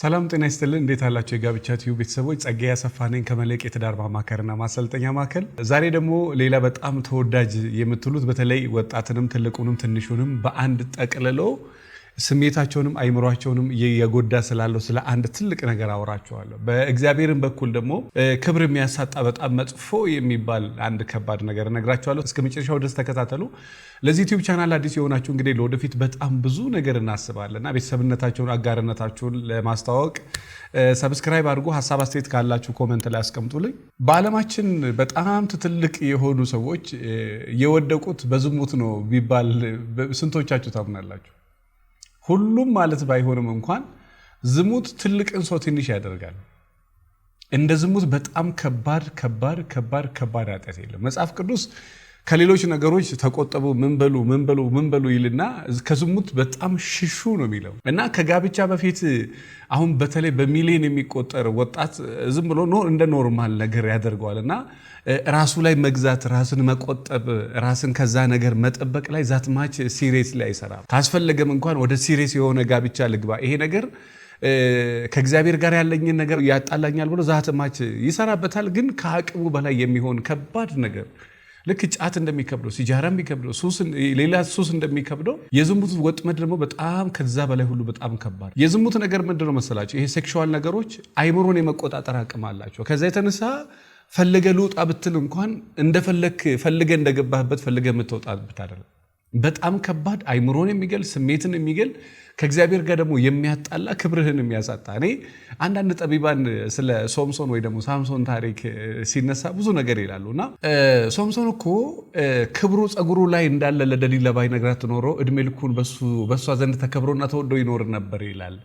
ሰላም ጤና ይስጥልን። እንዴት አላቸው የጋብቻ ቲዩብ ቤተሰቦች? ጸጋ ያሰፋ ነኝ ከመልሕቅ የትዳር ማማከርና ማሰልጠኛ ማዕከል። ዛሬ ደግሞ ሌላ በጣም ተወዳጅ የምትሉት በተለይ ወጣትንም ትልቁንም ትንሹንም በአንድ ጠቅልሎ ስሜታቸውንም አይምሯቸውንም የጎዳ ስላለው ስለ አንድ ትልቅ ነገር አወራቸዋለሁ። በእግዚአብሔርን በኩል ደግሞ ክብር የሚያሳጣ በጣም መጥፎ የሚባል አንድ ከባድ ነገር እነግራቸዋለሁ። እስከ መጨረሻው ድረስ ተከታተሉ። ለዚህ ዩቲዩብ ቻናል አዲስ የሆናችሁ እንግዲህ ለወደፊት በጣም ብዙ ነገር እና ቤተሰብነታቸውን፣ አጋርነታችሁን ለማስተዋወቅ ሰብስክራይብ አድርጎ ሀሳብ አስተያየት ካላችሁ ኮመንት ላይ አስቀምጡልኝ። በዓለማችን በጣም ትልቅ የሆኑ ሰዎች የወደቁት በዝሙት ነው ቢባል ስንቶቻችሁ ታምናላችሁ? ሁሉም ማለት ባይሆንም እንኳን ዝሙት ትልቅን ሰው ትንሽ ያደርጋል። እንደ ዝሙት በጣም ከባድ ከባድ ከባድ ከባድ ኃጢአት የለም። መጽሐፍ ቅዱስ ከሌሎች ነገሮች ተቆጠቡ፣ ምንበሉ ምንበሉ ምንበሉ ይልና ከዝሙት በጣም ሽሹ ነው የሚለው እና ከጋብቻ በፊት አሁን በተለይ በሚሊዮን የሚቆጠር ወጣት ዝም ብሎ እንደ ኖርማል ነገር ያደርገዋል እና ራሱ ላይ መግዛት፣ ራስን መቆጠብ፣ ራስን ከዛ ነገር መጠበቅ ላይ ዛትማች ሲሬስ ላይ አይሰራም። ካስፈለገም እንኳን ወደ ሲሬስ የሆነ ጋብቻ ልግባ ይሄ ነገር ከእግዚአብሔር ጋር ያለኝን ነገር ያጣላኛል ብሎ ዛትማች ይሰራበታል። ግን ከአቅሙ በላይ የሚሆን ከባድ ነገር ልክ ጫት እንደሚከብደው፣ ሲጃራ የሚከብደው፣ ሌላ ሱስ እንደሚከብደው የዝሙት ወጥመድ ደግሞ በጣም ከዛ በላይ ሁሉ በጣም ከባድ የዝሙት ነገር ምንድን ነው መሰላቸው? ይሄ ሴክሹዋል ነገሮች አይምሮን የመቆጣጠር አቅም አላቸው። ከዛ የተነሳ ፈልገ ልውጣ ብትል እንኳን እንደፈለክ ፈልገ እንደገባህበት ፈልገ የምትወጣበት አይደለም። በጣም ከባድ አይምሮን የሚገል ስሜትን የሚገል ከእግዚአብሔር ጋር ደግሞ የሚያጣላ ክብርህን የሚያሳጣ። እኔ አንዳንድ ጠቢባን ስለ ሶምሶን ወይ ደግሞ ሳምሶን ታሪክ ሲነሳ ብዙ ነገር ይላሉ እና ሶምሶን እኮ ክብሩ ፀጉሩ ላይ እንዳለ ለደሊላ ባይነግራት ኖሮ እድሜ ልኩን በሷ ዘንድ ተከብሮና ተወዶ ይኖር ነበር ይላል።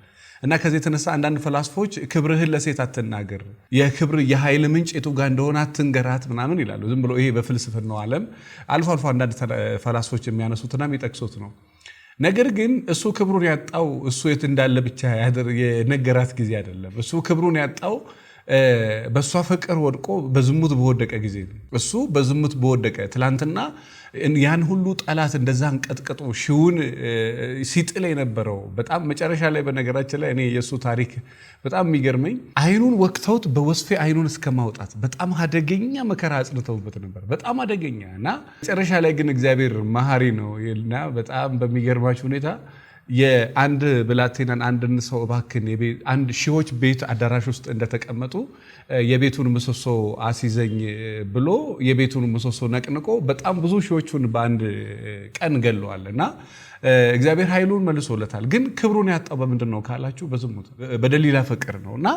እና ከዚህ የተነሳ አንዳንድ ፈላስፎች ክብርህን ለሴት አትናገር፣ የክብር የኃይል ምንጭ የቱ ጋር እንደሆነ አትንገራት ምናምን ይላሉ። ዝም ብሎ ይሄ በፍልስፍናው ዓለም አልፎ አልፎ አንዳንድ ፈላስፎች የሚያነሱትና የሚጠቅሱት ነው። ነገር ግን እሱ ክብሩን ያጣው እሱ የት እንዳለ ብቻ የነገራት ጊዜ አይደለም። እሱ ክብሩን ያጣው በእሷ ፍቅር ወድቆ በዝሙት በወደቀ ጊዜ እሱ በዝሙት በወደቀ ትላንትና ያን ሁሉ ጠላት እንደዛ እንቀጥቅጦ ሺውን ሲጥል የነበረው በጣም መጨረሻ ላይ በነገራችን ላይ እኔ የእሱ ታሪክ በጣም የሚገርመኝ አይኑን ወቅተውት በወስፌ አይኑን እስከ ማውጣት በጣም አደገኛ መከራ አጽንተውበት ነበር። በጣም አደገኛ እና መጨረሻ ላይ ግን እግዚአብሔር መሐሪ ነው እና በጣም በሚገርማችሁ ሁኔታ የአንድ ብላቴናን አንድን ሰው እባክን አንድ ሺዎች ቤት አዳራሽ ውስጥ እንደተቀመጡ የቤቱን ምሰሶ አስይዘኝ ብሎ የቤቱን ምሰሶ ነቅንቆ በጣም ብዙ ሺዎቹን በአንድ ቀን ገለዋል እና እግዚአብሔር ኃይሉን መልሶለታል። ግን ክብሩን ያጣው በምንድን ነው ካላችሁ፣ በዝሙት በደሊላ ፍቅር ነው እና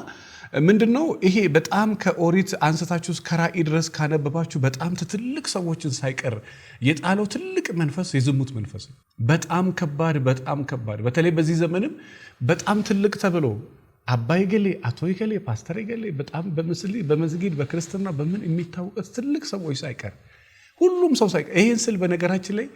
ምንድን ነው ይሄ? በጣም ከኦሪት አንስታችሁ እስከ ራእይ ድረስ ካነበባችሁ በጣም ትልቅ ሰዎችን ሳይቀር የጣለው ትልቅ መንፈስ የዝሙት መንፈስ ነው። በጣም ከባድ፣ በጣም ከባድ። በተለይ በዚህ ዘመንም በጣም ትልቅ ተብሎ አባይ ገሌ፣ አቶ ገሌ፣ ፓስተር ገሌ በጣም በምስሊ በመዝጊድ በክርስትና በምን የሚታወቀት ትልቅ ሰዎች ሳይቀር ሁሉም ሰው ሳይቀር ይህን ስል በነገራችን ላይ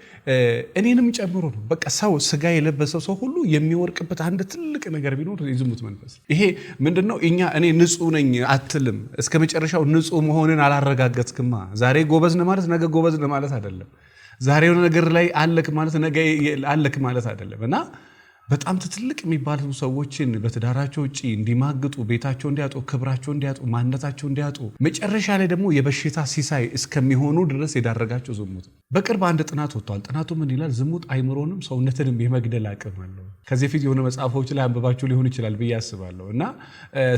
እኔንም ጨምሮ ነው። በቃ ሰው ስጋ የለበሰው ሰው ሁሉ የሚወርቅበት አንድ ትልቅ ነገር ቢኖር የዝሙት መንፈስ። ይሄ ምንድነው? እኛ እኔ ንጹህ ነኝ አትልም። እስከ መጨረሻው ንጹህ መሆንን አላረጋገጥክማ። ዛሬ ጎበዝን ማለት ነገ ጎበዝ ማለት አይደለም። ዛሬ የሆነ ነገር ላይ አለክ ማለት ነገ አለክ ማለት አይደለም እና በጣም ትልቅ የሚባሉ ሰዎችን በትዳራቸው ውጭ እንዲማግጡ ቤታቸው እንዲያጡ ክብራቸው እንዲያጡ ማንነታቸው እንዲያጡ መጨረሻ ላይ ደግሞ የበሽታ ሲሳይ እስከሚሆኑ ድረስ የዳረጋቸው ዝሙት። በቅርብ አንድ ጥናት ወጥቷል። ጥናቱ ምን ይላል? ዝሙት አይምሮንም ሰውነትንም የመግደል አቅም አለው። ከዚህ ፊት የሆነ መጽሐፎች ላይ አንብባችሁ ሊሆን ይችላል ብዬ አስባለሁ። እና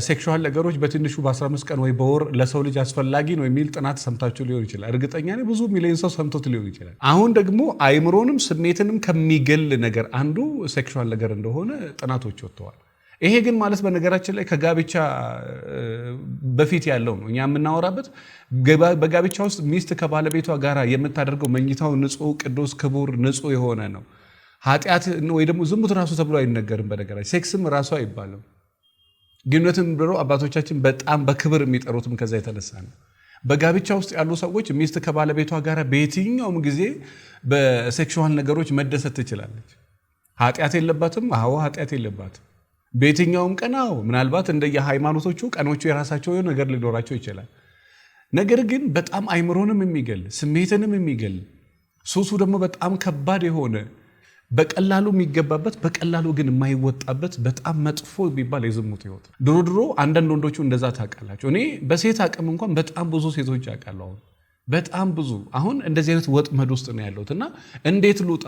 ሴክሹዋል ነገሮች በትንሹ በ15 ቀን ወይ በወር ለሰው ልጅ አስፈላጊ ነው የሚል ጥናት ሰምታችሁ ሊሆን ይችላል። እርግጠኛ ነኝ ብዙ ሚሊዮን ሰው ሰምቶት ሊሆን ይችላል። አሁን ደግሞ አይምሮንም ስሜትንም ከሚገል ነገር አንዱ ሴክሹዋል ነገር እንደሆነ ጥናቶች ወጥተዋል። ይሄ ግን ማለት በነገራችን ላይ ከጋብቻ በፊት ያለው ነው። እኛ የምናወራበት በጋብቻ ውስጥ ሚስት ከባለቤቷ ጋር የምታደርገው መኝታው ንጹሕ፣ ቅዱስ፣ ክቡር፣ ንጹሕ የሆነ ነው። ኃጢአት ወይ ደግሞ ዝሙት ራሱ ተብሎ አይነገርም። በነገራችን ሴክስም ራሱ አይባልም። ግንኙነትም ብሎ አባቶቻችን በጣም በክብር የሚጠሩትም ከዛ የተነሳ ነው። በጋብቻ ውስጥ ያሉ ሰዎች ሚስት ከባለቤቷ ጋር በየትኛውም ጊዜ በሴክሹዋል ነገሮች መደሰት ትችላለች። ኃጢአት የለባትም? አዎ ኃጢአት የለባትም። በየትኛውም ቀን አዎ፣ ምናልባት እንደየ ሃይማኖቶቹ ቀኖቹ የራሳቸው ነገር ሊኖራቸው ይችላል። ነገር ግን በጣም አይምሮንም የሚገል ስሜትንም የሚገል ሱሱ ደግሞ በጣም ከባድ የሆነ በቀላሉ የሚገባበት በቀላሉ ግን የማይወጣበት በጣም መጥፎ የሚባል የዝሙት ህይወት። ድሮ ድሮ አንዳንድ ወንዶቹ እንደዛ ታውቃላቸው። እኔ በሴት አቅም እንኳን በጣም ብዙ ሴቶች አውቃለሁ። አሁን በጣም ብዙ አሁን እንደዚህ አይነት ወጥመድ ውስጥ ነው ያለሁት እና እንዴት ልውጣ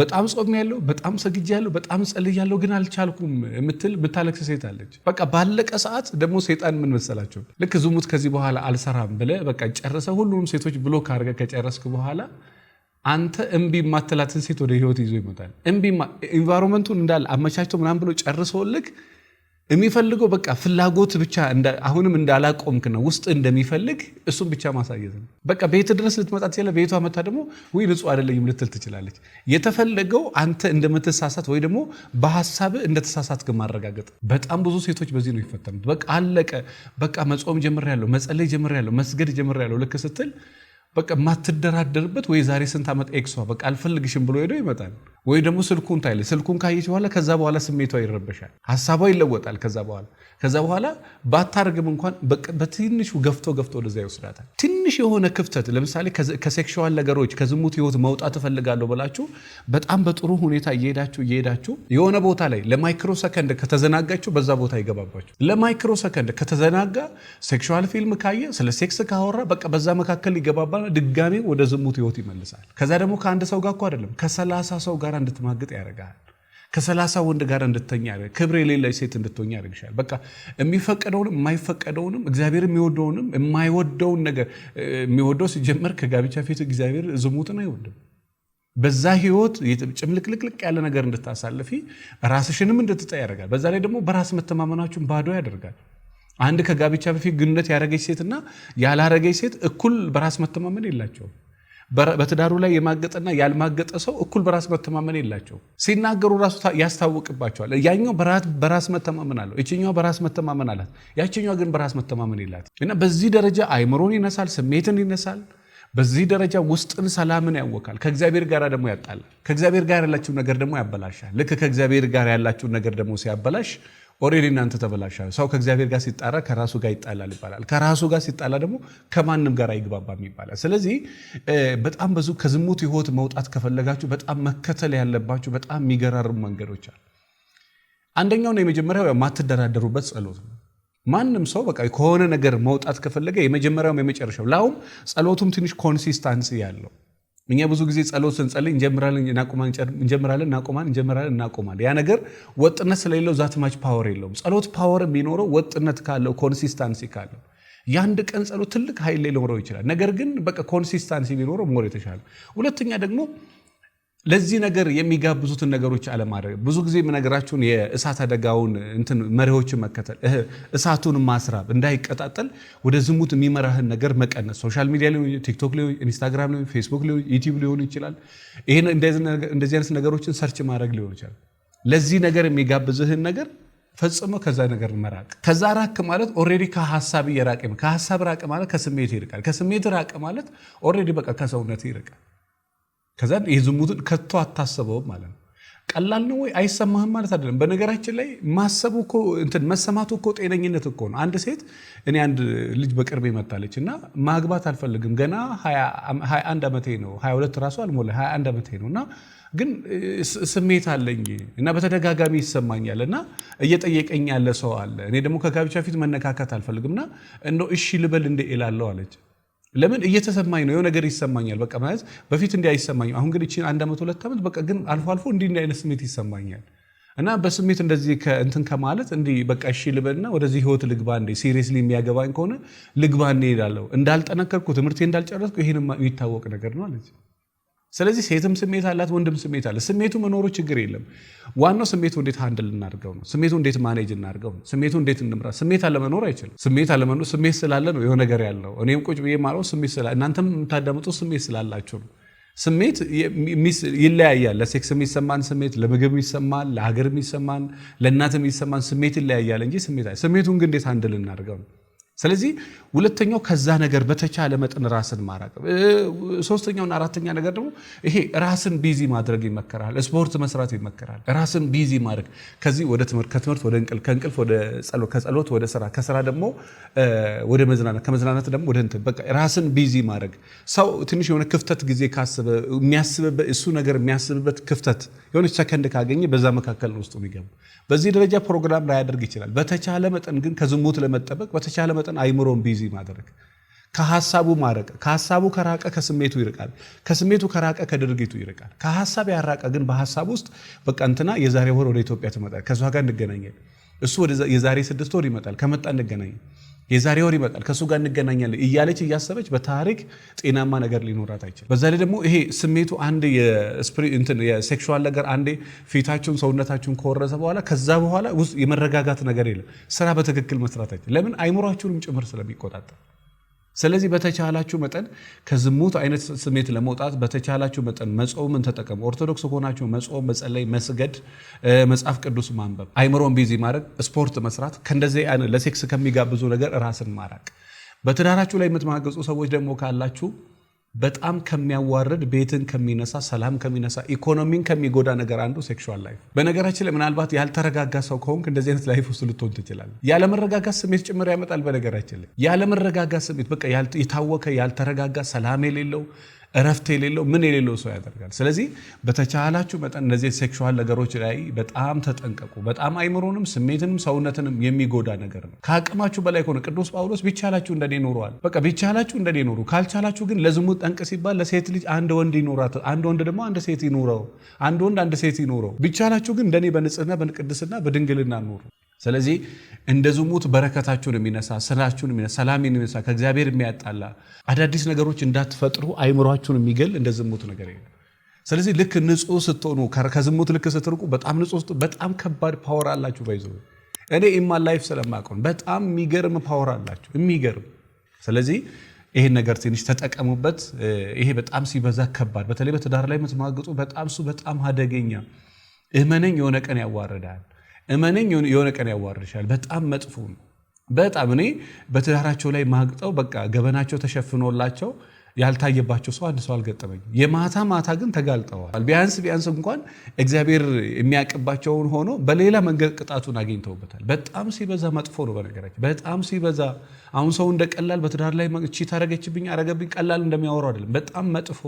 በጣም ጾም ያለው በጣም ሰግጅ ያለው በጣም ጸልይ ያለው ግን አልቻልኩም የምትል የምታለቅስ ሴት አለች። በቃ ባለቀ ሰዓት ደግሞ ሴጣን ምን መሰላቸው ልክ ዝሙት ከዚህ በኋላ አልሰራም ብለ በቃ ጨረሰ ሁሉንም ሴቶች ብሎ ካርገ ከጨረስክ በኋላ አንተ እምቢ ማትላትን ሴት ወደ ህይወት ይዞ ይመጣል። እምቢ ኢንቫይሮንመንቱን እንዳለ አመቻችቶ ምናምን ብሎ ጨርሶልክ የሚፈልገው በቃ ፍላጎት ብቻ አሁንም እንዳላቆምክ ነው። ውስጥ እንደሚፈልግ እሱን ብቻ ማሳየት ነው። በቃ ቤት ድረስ ልትመጣ ትችላ። ቤቷ መታ ደግሞ ወይ ንጹህ አይደለኝም ልትል ትችላለች። የተፈለገው አንተ እንደምትሳሳት ወይ ደግሞ በሀሳብ እንደተሳሳት ማረጋገጥ። በጣም ብዙ ሴቶች በዚህ ነው ይፈተኑት። በቃ አለቀ፣ በቃ መጾም ጀምሬያለሁ፣ መጸለይ ጀምሬያለሁ፣ መስገድ ጀምሬያለሁ ልክ ስትል በቃ የማትደራደርበት ወይ ዛሬ ስንት ዓመት ኤክሷ በቃ አልፈልግሽም ብሎ ሄዶ ይመጣል። ወይ ደግሞ ስልኩን ታይለ ስልኩን ካየች በኋላ ከዛ በኋላ ስሜቷ ይረበሻል፣ ሀሳቧ ይለወጣል። ከዛ በኋላ ከዛ በኋላ ባታርግም እንኳን በትንሹ ገፍቶ ገፍቶ ወደዛ ይወስዳታል። ትንሽ የሆነ ክፍተት ለምሳሌ ከሴክሽዋል ነገሮች ከዝሙት ህይወት መውጣት እፈልጋለሁ ብላችሁ በጣም በጥሩ ሁኔታ እየሄዳችሁ እየሄዳችሁ የሆነ ቦታ ላይ ለማይክሮ ሰከንድ ከተዘናጋችሁ በዛ ቦታ ይገባባችሁ። ለማይክሮ ሰከንድ ከተዘናጋ ሴክሽዋል ፊልም ካየ ስለ ሴክስ ካወራ በቃ በዛ መካከል ይገባባል። በኋላ ድጋሜ ወደ ዝሙት ህይወት ይመልሳል። ከዛ ደግሞ ከአንድ ሰው ጋር እኮ አይደለም ከሰላሳ ሰው ጋር እንድትማግጥ ያደርጋል። ከሰላሳ ወንድ ጋር እንድተኛ ክብር የሌለ ሴት እንድትሆኝ ያደርግሻል። በቃ የሚፈቀደውንም የማይፈቀደውንም እግዚአብሔር የሚወደውንም የማይወደውን ነገር የሚወደው ሲጀመር ከጋብቻ ፊት እግዚአብሔር ዝሙትን አይወድም። በዛ ህይወት ጭምልቅልቅልቅ ያለ ነገር እንድታሳልፊ ራስሽንም እንድትጠይ ያደርጋል። በዛ ላይ ደግሞ በራስ መተማመናችሁን ባዶ ያደርጋል። አንድ ከጋብቻ በፊት ግንኙነት ያደረገች ሴትና ያላረገች ሴት እኩል በራስ መተማመን የላቸው። በትዳሩ ላይ የማገጠና ያልማገጠ ሰው እኩል በራስ መተማመን የላቸው። ሲናገሩ ራሱ ያስታውቅባቸዋል። ያኛው በራስ መተማመን አለው፣ ይችኛው በራስ መተማመን አላት፣ ያችኛዋ ግን በራስ መተማመን የላት እና በዚህ ደረጃ አይምሮን ይነሳል፣ ስሜትን ይነሳል። በዚህ ደረጃ ውስጥን ሰላምን ያወካል። ከእግዚአብሔር ጋር ደግሞ ያጣላል። ከእግዚአብሔር ጋር ያላችሁ ነገር ደግሞ ያበላሻል። ልክ ከእግዚአብሔር ጋር ያላችሁ ነገር ደግሞ ሲያበላሽ ኦልሬዲ እናንተ ተበላሻ ሰው ከእግዚአብሔር ጋር ሲጣራ ከራሱ ጋር ይጣላል ይባላል። ከራሱ ጋር ሲጣላ ደግሞ ከማንም ጋር አይግባባም ይባላል። ስለዚህ በጣም ብዙ ከዝሙት ህይወት መውጣት ከፈለጋችሁ በጣም መከተል ያለባችሁ በጣም የሚገራርሙ መንገዶች አሉ። ነው የመጀመሪያው የማትደራደሩበት ጸሎት ነው። ማንም ሰው በቃ ከሆነ ነገር መውጣት ከፈለገ የመጀመሪያውም የመጨረሻው ላሁም ጸሎቱም ትንሽ ኮንሲስታንሲ ያለው እኛ ብዙ ጊዜ ጸሎት ስንጸልይ እንጀምራለን እንጀምራለን እንጀምራለን እናቆማለን። ያ ነገር ወጥነት ስለሌለው ዛትማች ፓወር የለውም። ጸሎት ፓወር የሚኖረው ወጥነት ካለው ኮንሲስታንሲ ካለው የአንድ ቀን ጸሎት ትልቅ ኃይል ሊኖረው ይችላል። ነገር ግን በቃ ኮንሲስታንሲ ቢኖረው ሞር የተሻለ ሁለተኛ ደግሞ ለዚህ ነገር የሚጋብዙትን ነገሮች አለማድረግ። ብዙ ጊዜ የምነግራችሁን የእሳት አደጋውን እንትን መሪዎችን መከተል፣ እሳቱን ማስራብ እንዳይቀጣጠል ወደ ዝሙት የሚመራህን ነገር መቀነስ። ሶሻል ሚዲያ ሊሆን ቲክቶክ ሊሆን ኢንስታግራም ሊሆን ፌስቡክ ሊሆን ዩቲዩብ ሊሆን ይችላል። ይሄን እንደዚህ አይነት ነገሮችን ሰርች ማድረግ ሊሆን ይችላል። ለዚህ ነገር የሚጋብዝህን ነገር ፈጽሞ ከዛ ነገር መራቅ። ከዛ ራክ ማለት ኦልሬዲ ከሀሳብ እየራቅ ከሀሳብ ራቅ ማለት ከስሜት ይርቃል። ከስሜት ራቅ ማለት ኦልሬዲ በቃ ከሰውነት ይርቃል። ከዛ ይህ ዝሙትን ከቶ አታሰበውም ማለት ነው። ቀላል ነው ወይ አይሰማህም ማለት አይደለም። በነገራችን ላይ ማሰቡ እኮ እንትን መሰማቱ እኮ ጤነኝነት እኮ ነው። አንድ ሴት እኔ አንድ ልጅ በቅርብ መታለች እና ማግባት አልፈልግም ገና 21 ዓመቴ ነው 22 ራሱ አልሞላ 21 ዓመቴ ነው እና ግን ስሜት አለኝ እና በተደጋጋሚ ይሰማኛል እና እየጠየቀኝ ያለ ሰው አለ። እኔ ደግሞ ከጋብቻ ፊት መነካከት አልፈልግም እና እንደው እሺ ልበል እንደ እላለሁ አለች ለምን እየተሰማኝ ነው? የሆነ ነገር ይሰማኛል። በቃ ማለት በፊት እንዲህ አይሰማኝም። አሁን ግን ይህቺን አንድ ዓመት ሁለት ዓመት በቃ ግን አልፎ አልፎ እንዲህ እንዲህ አይነት ስሜት ይሰማኛል። እና በስሜት እንደዚህ ከእንትን ከማለት እንዲህ በቃ እሺ ልበልና ወደዚህ ህይወት ልግባ እንዴ ሲሪየስሊ የሚያገባኝ ከሆነ ልግባ እንሄዳለሁ። እንዳልጠነከርኩ ትምህርቴ እንዳልጨረስኩ ይህን የሚታወቅ ነገር ነው አለች። ስለዚህ ሴትም ስሜት አላት፣ ወንድም ስሜት አለ። ስሜቱ መኖሩ ችግር የለም። ዋናው ስሜቱ እንዴት ሃንድል እናድርገው ነው። ስሜቱ እንዴት ማኔጅ እናድርገው ነው። ስሜቱ እንዴት እንምራ። ስሜት አለመኖር አይችልም። ስሜት አለመኖር ስሜት ስላለ ነው የሆነ ነገር ያለው። እኔም ቁጭ ብዬ ማለው ስሜት ስላለ፣ እናንተም የምታዳምጡ ስሜት ስላላችሁ ነው። ስሜት ይለያያል። ለሴክስ የሚሰማን ስሜት፣ ለምግብ የሚሰማን፣ ለሀገር የሚሰማን፣ ለእናት የሚሰማን ስሜት ይለያያል እንጂ ስሜት ስሜቱን ግን እንዴት ሃንድል እናድርገው ነው። ስለዚህ ሁለተኛው ከዛ ነገር በተቻለ መጠን ራስን ማራቅ። ሶስተኛውና አራተኛ ነገር ደግሞ ይሄ ራስን ቢዚ ማድረግ ይመከራል። ስፖርት መስራት ይመከራል። ራስን ቢዚ ማድረግ ከዚህ ወደ ትምህርት፣ ከትምህርት ወደ እንቅልፍ፣ ከእንቅልፍ ወደ ጸሎት፣ ከጸሎት ወደ ስራ፣ ከስራ ደግሞ ወደ መዝናናት፣ ከመዝናናት ደግሞ ወደ እንትን በቃ ራስን ቢዚ ማድረግ። ሰው ትንሽ የሆነ ክፍተት ጊዜ ካስበ የሚያስብበት እሱ ነገር የሚያስብበት ክፍተት የሆነ ሰከንድ ካገኘ በዛ መካከል ነው ውስጡ የሚገባ። በዚህ ደረጃ ፕሮግራም ላይ ያደርግ ይችላል። በተቻለ መጠን ግን ከዝሙት ለመጠበቅ በተቻለ መጠን አይምሮን ቢዚ ማድረግ ከሀሳቡ ማረቅ። ከሀሳቡ ከራቀ ከስሜቱ ይርቃል። ከስሜቱ ከራቀ ከድርጊቱ ይርቃል። ከሀሳብ ያራቀ ግን በሀሳብ ውስጥ በቃ እንትና የዛሬ ወር ወደ ኢትዮጵያ ትመጣል፣ ከእሷ ጋር እንገናኛል፣ እሱ የዛሬ ስድስት ወር ይመጣል፣ ከመጣ እንገናኛል የዛሬ ወር ይመጣል ከእሱ ጋር እንገናኛለን እያለች እያሰበች በታሪክ ጤናማ ነገር ሊኖራት አይችል። በዛ ላይ ደግሞ ይሄ ስሜቱ አንድ የሴክሹዋል ነገር አንዴ ፊታችሁን ሰውነታችሁን ከወረሰ በኋላ ከዛ በኋላ ውስጥ የመረጋጋት ነገር የለም። ስራ በትክክል መስራት አይችል። ለምን አይምሯችሁንም ጭምር ስለሚቆጣጠር ስለዚህ በተቻላችሁ መጠን ከዝሙት አይነት ስሜት ለመውጣት በተቻላችሁ መጠን መጾምን ተጠቀሙ። ኦርቶዶክስ ከሆናችሁ መጾም፣ መጸለይ፣ መስገድ፣ መጽሐፍ ቅዱስ ማንበብ፣ አይምሮን ቢዚ ማድረግ፣ ስፖርት መስራት፣ ከእንደዚህ ለሴክስ ከሚጋብዙ ነገር ራስን ማራቅ። በትዳራችሁ ላይ የምትማገጹ ሰዎች ደግሞ ካላችሁ በጣም ከሚያዋርድ ቤትን ከሚነሳ ሰላም ከሚነሳ ኢኮኖሚን ከሚጎዳ ነገር አንዱ ሴክሹዋል ላይፍ። በነገራችን ላይ ምናልባት ያልተረጋጋ ሰው ከሆንክ እንደዚህ አይነት ላይፍ ውስጥ ልትሆን ትችላለህ። ያለመረጋጋት ስሜት ጭምር ያመጣል። በነገራችን ላይ ያለመረጋጋት ስሜት በቃ የታወከ ያልተረጋጋ ሰላም የሌለው እረፍት የሌለው ምን የሌለው ሰው ያደርጋል። ስለዚህ በተቻላችሁ መጠን እነዚህ ሴክሹዋል ነገሮች ላይ በጣም ተጠንቀቁ። በጣም አይምሮንም፣ ስሜትንም፣ ሰውነትንም የሚጎዳ ነገር ነው። ከአቅማችሁ በላይ ከሆነ ቅዱስ ጳውሎስ ቢቻላችሁ እንደኔ ኑሯል። በቃ ቢቻላችሁ እንደኔ ኑሩ፣ ካልቻላችሁ ግን ለዝሙት ጠንቅ ሲባል ለሴት ልጅ አንድ ወንድ ይኖራት፣ አንድ ወንድ ደግሞ አንድ ሴት ይኑረው፣ አንድ ወንድ አንድ ሴት ይኑረው። ቢቻላችሁ ግን እንደኔ በንጽህና በቅድስና በድንግልና ኑሩ። ስለዚህ እንደ ዝሙት በረከታችሁን የሚነሳ ስራችሁን የሚነሳ ሰላምን የሚነሳ ከእግዚአብሔር የሚያጣላ አዳዲስ ነገሮች እንዳትፈጥሩ አይምሯችሁን የሚገል እንደ ዝሙት ነገር የለም። ስለዚህ ልክ ንጹህ ስትሆኑ ከዝሙት ልክ ስትርቁ በጣም ንጹህ ስትሆኑ በጣም ከባድ ፓወር አላችሁ። ባይዞ እኔ ኢማ ላይፍ ስለማቀን በጣም የሚገርም ፓወር አላችሁ የሚገርም። ስለዚህ ይሄን ነገር ትንሽ ተጠቀሙበት። ይሄ በጣም ሲበዛ ከባድ፣ በተለይ በትዳር ላይ የምትማግጡ በጣም እሱ በጣም አደገኛ እመነኝ የሆነ ቀን ያዋርዳል። እመነኝ የሆነ ቀን ያዋርሻል። በጣም መጥፎ ነው። በጣም እኔ በትዳራቸው ላይ ማግጠው በቃ ገበናቸው ተሸፍኖላቸው ያልታየባቸው ሰው አንድ ሰው አልገጠመኝም። የማታ ማታ ግን ተጋልጠዋል። ቢያንስ ቢያንስ እንኳን እግዚአብሔር የሚያቅባቸውን ሆኖ በሌላ መንገድ ቅጣቱን አግኝተውበታል። በጣም ሲበዛ መጥፎ ነው። በነገራችን በጣም ሲበዛ አሁን ሰው እንደ ቀላል በትዳር ላይ ቺ ታረገችብኝ አረገብኝ ቀላል እንደሚያወሩ አይደለም። በጣም መጥፎ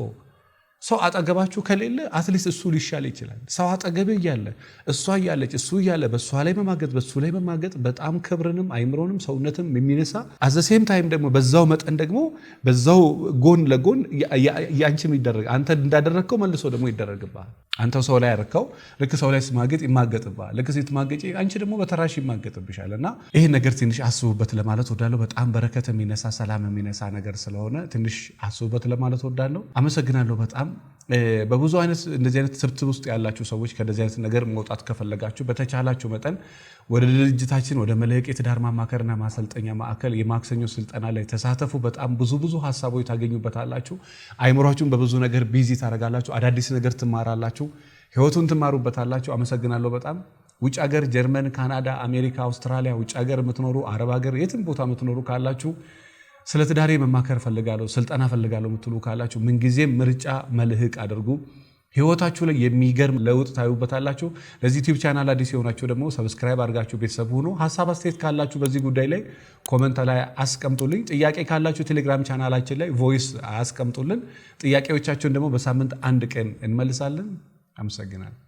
ሰው አጠገባችሁ ከሌለ አትሊስት እሱ ሊሻል ይችላል። ሰው አጠገብ እያለ እሷ እያለች እሱ እያለ በእሷ ላይ መማገጥ በሱ ላይ መማገጥ በጣም ክብርንም አይምሮንም ሰውነትም የሚነሳ አዘሴም ታይም ደግሞ በዛው መጠን ደግሞ በዛው ጎን ለጎን ያንቺም ይደረግ አንተ እንዳደረግከው መልሶ ደግሞ ይደረግባል። አንተ ሰው ላይ ያረከው ልክ ሰው ላይ ስማገጥ ይማገጥብሃል። ልክ ስትማገጪ አንቺ ደግሞ በተራሽ ይማገጥብሻል። እና ይሄ ነገር ትንሽ አስቡበት ለማለት ወዳለው በጣም በረከት የሚነሳ ሰላም የሚነሳ ነገር ስለሆነ ትንሽ አስቡበት ለማለት ወዳለው። አመሰግናለሁ በጣም በብዙ አይነት እንደዚህ አይነት ስብስብ ውስጥ ያላችሁ ሰዎች ከእንደዚህ አይነት ነገር መውጣት ከፈለጋችሁ በተቻላችሁ መጠን ወደ ድርጅታችን ወደ መለቅ የትዳር ማማከርና ማሰልጠኛ ማዕከል የማክሰኞ ስልጠና ላይ ተሳተፉ። በጣም ብዙ ብዙ ሀሳቦች ታገኙበታላችሁ። አይምሯችሁን በብዙ ነገር ቢዚ ታደርጋላችሁ። አዳዲስ ነገር ትማራላችሁ። ህይወቱን ትማሩበታላችሁ። አመሰግናለሁ በጣም ውጭ ሀገር ጀርመን፣ ካናዳ፣ አሜሪካ፣ አውስትራሊያ ውጭ ሀገር የምትኖሩ አረብ ሀገር የትም ቦታ የምትኖሩ ካላችሁ ስለ ትዳሬ መማከር ፈልጋለሁ፣ ስልጠና ፈልጋለሁ የምትሉ ካላችሁ ምንጊዜም ምርጫ መልህቅ አድርጉ። ህይወታችሁ ላይ የሚገርም ለውጥ ታዩበታላችሁ። ለዚህ ዩቲዩብ ቻናል አዲስ የሆናችሁ ደግሞ ሰብስክራይብ አድርጋችሁ ቤተሰብ ሁኑ። ሀሳብ አስተያየት ካላችሁ በዚህ ጉዳይ ላይ ኮመንት ላይ አስቀምጡልኝ። ጥያቄ ካላችሁ ቴሌግራም ቻናላችን ላይ ቮይስ አስቀምጡልን። ጥያቄዎቻችሁን ደግሞ በሳምንት አንድ ቀን እንመልሳለን። አመሰግናለሁ።